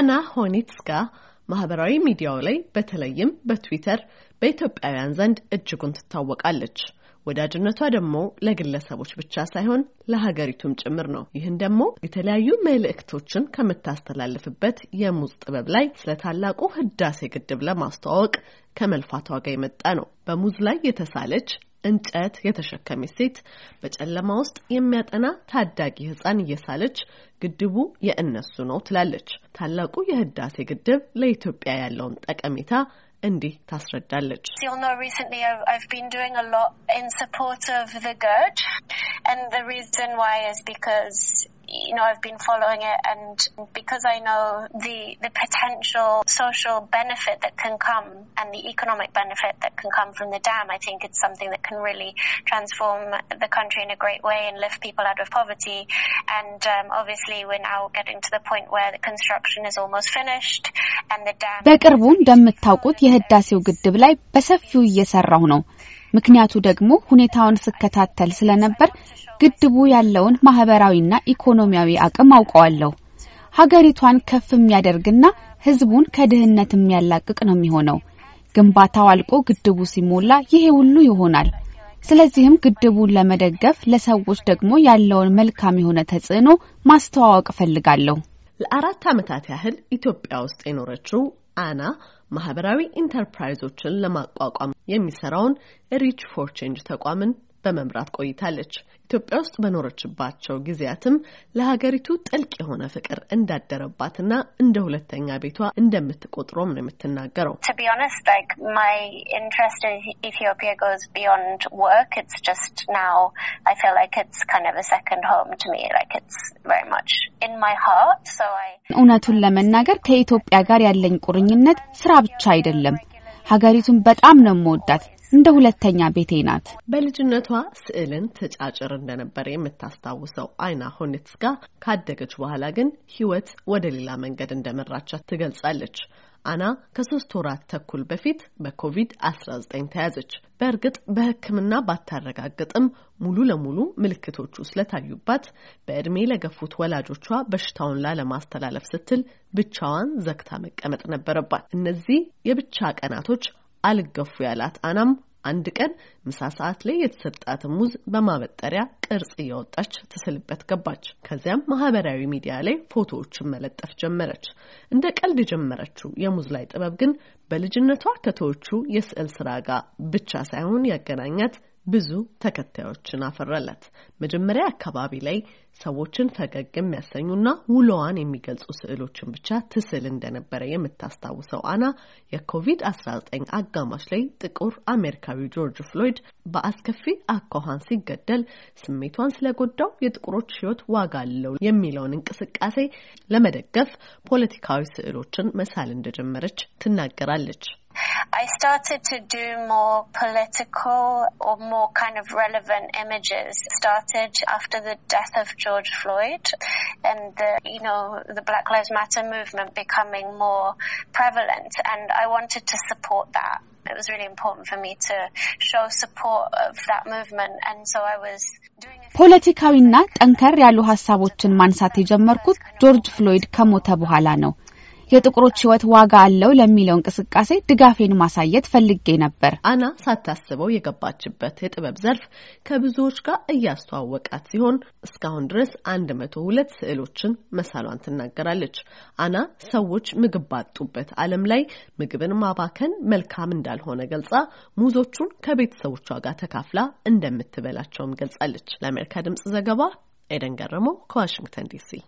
አና ሆኒትስካ ማህበራዊ ሚዲያው ላይ በተለይም በትዊተር በኢትዮጵያውያን ዘንድ እጅጉን ትታወቃለች። ወዳጅነቷ ደግሞ ለግለሰቦች ብቻ ሳይሆን ለሀገሪቱም ጭምር ነው። ይህን ደግሞ የተለያዩ መልእክቶችን ከምታስተላልፍበት የሙዝ ጥበብ ላይ ስለ ታላቁ ህዳሴ ግድብ ለማስተዋወቅ ከመልፋቷ ጋር የመጣ ነው። በሙዝ ላይ የተሳለች እንጨት የተሸከመች ሴት በጨለማ ውስጥ የሚያጠና ታዳጊ ህፃን እየሳለች ግድቡ የእነሱ ነው ትላለች። ታላቁ የህዳሴ ግድብ ለኢትዮጵያ ያለውን ጠቀሜታ እንዲህ ታስረዳለች። you know, I've been following it and because I know the, the potential social benefit that can come and the economic benefit that can come from the dam, I think it's something that can really transform the country in a great way and lift people out of poverty. And um, obviously we're now getting to the point where the construction is almost finished በቅርቡ እንደምታውቁት የህዳሴው ግድብ ላይ በሰፊው እየሰራሁ ነው። ምክንያቱ ደግሞ ሁኔታውን ስከታተል ስለነበር ግድቡ ያለውን ማህበራዊና ኢኮኖሚያዊ አቅም አውቀዋለሁ። ሀገሪቷን ከፍ የሚያደርግና ህዝቡን ከድህነት የሚያላቅቅ ነው የሚሆነው። ግንባታው አልቆ ግድቡ ሲሞላ ይሄ ሁሉ ይሆናል። ስለዚህም ግድቡን ለመደገፍ ለሰዎች ደግሞ ያለውን መልካም የሆነ ተጽዕኖ ማስተዋወቅ እፈልጋለሁ። ለአራት ዓመታት ያህል ኢትዮጵያ ውስጥ የኖረችው አና ማህበራዊ ኢንተርፕራይዞችን ለማቋቋም የሚሰራውን ሪች ፎር ቼንጅ ተቋምን በመምራት ቆይታለች። ኢትዮጵያ ውስጥ በኖረችባቸው ጊዜያትም ለሀገሪቱ ጥልቅ የሆነ ፍቅር እንዳደረባትና እንደ ሁለተኛ ቤቷ እንደምትቆጥሮም ነው የምትናገረው። እውነቱን ለመናገር ከኢትዮጵያ ጋር ያለኝ ቁርኝነት ስራ ብቻ አይደለም። ሀገሪቱን በጣም ነው የምወዳት። እንደ ሁለተኛ ቤቴ ናት። በልጅነቷ ስዕልን ተጫጭር እንደነበረ የምታስታውሰው አይና ሆኔትስጋ ካደገች በኋላ ግን ህይወት ወደ ሌላ መንገድ እንደመራቻት ትገልጻለች። አና ከሶስት ወራት ተኩል በፊት በኮቪድ-19 ተያዘች። በእርግጥ በሕክምና ባታረጋግጥም ሙሉ ለሙሉ ምልክቶቹ ስለታዩባት በእድሜ ለገፉት ወላጆቿ በሽታውን ላለማስተላለፍ ስትል ብቻዋን ዘግታ መቀመጥ ነበረባት። እነዚህ የብቻ ቀናቶች አልገፉ ያላት አናም አንድ ቀን ምሳ ሰዓት ላይ የተሰጣትን ሙዝ በማበጠሪያ ቅርጽ እያወጣች ትስልበት ገባች። ከዚያም ማህበራዊ ሚዲያ ላይ ፎቶዎችን መለጠፍ ጀመረች። እንደ ቀልድ የጀመረችው የሙዝ ላይ ጥበብ ግን በልጅነቷ ከተዎቹ የስዕል ስራ ጋር ብቻ ሳይሆን ያገናኛት ብዙ ተከታዮችን አፈራለት። መጀመሪያ አካባቢ ላይ ሰዎችን ፈገግ የሚያሰኙና ውሎዋን የሚገልጹ ስዕሎችን ብቻ ትስል እንደነበረ የምታስታውሰው አና የኮቪድ-19 አጋማሽ ላይ ጥቁር አሜሪካዊ ጆርጅ ፍሎይድ በአስከፊ አኳኋን ሲገደል ስሜቷን ስለጎዳው የጥቁሮች ሕይወት ዋጋ አለው የሚለውን እንቅስቃሴ ለመደገፍ ፖለቲካዊ ስዕሎችን መሳል እንደጀመረች ትናገራለች። I started to do more political or more kind of relevant images. Started after the death of George Floyd and the, you know, the Black Lives Matter movement becoming more prevalent. And I wanted to support that it was really important for me to show support of that movement and so I was ፖለቲካዊና ጠንከር ያሉ ሀሳቦችን ማንሳት የጀመርኩት ጆርጅ ፍሎይድ ከሞተ በኋላ ነው። የጥቁሮች ህይወት ዋጋ አለው ለሚለው እንቅስቃሴ ድጋፌን ማሳየት ፈልጌ ነበር። አና ሳታስበው የገባችበት የጥበብ ዘርፍ ከብዙዎች ጋር እያስተዋወቃት ሲሆን እስካሁን ድረስ አንድ መቶ ሁለት ስዕሎችን መሳሏን ትናገራለች። አና ሰዎች ምግብ ባጡበት ዓለም ላይ ምግብን ማባከን መልካም እንዳልሆነ ገልጻ ሙዞቹን ከቤተሰቦቿ ጋር ተካፍላ እንደምትበላቸውም ገልጻለች። ለአሜሪካ ድምጽ ዘገባ ኤደን ገረመው ከዋሽንግተን ዲሲ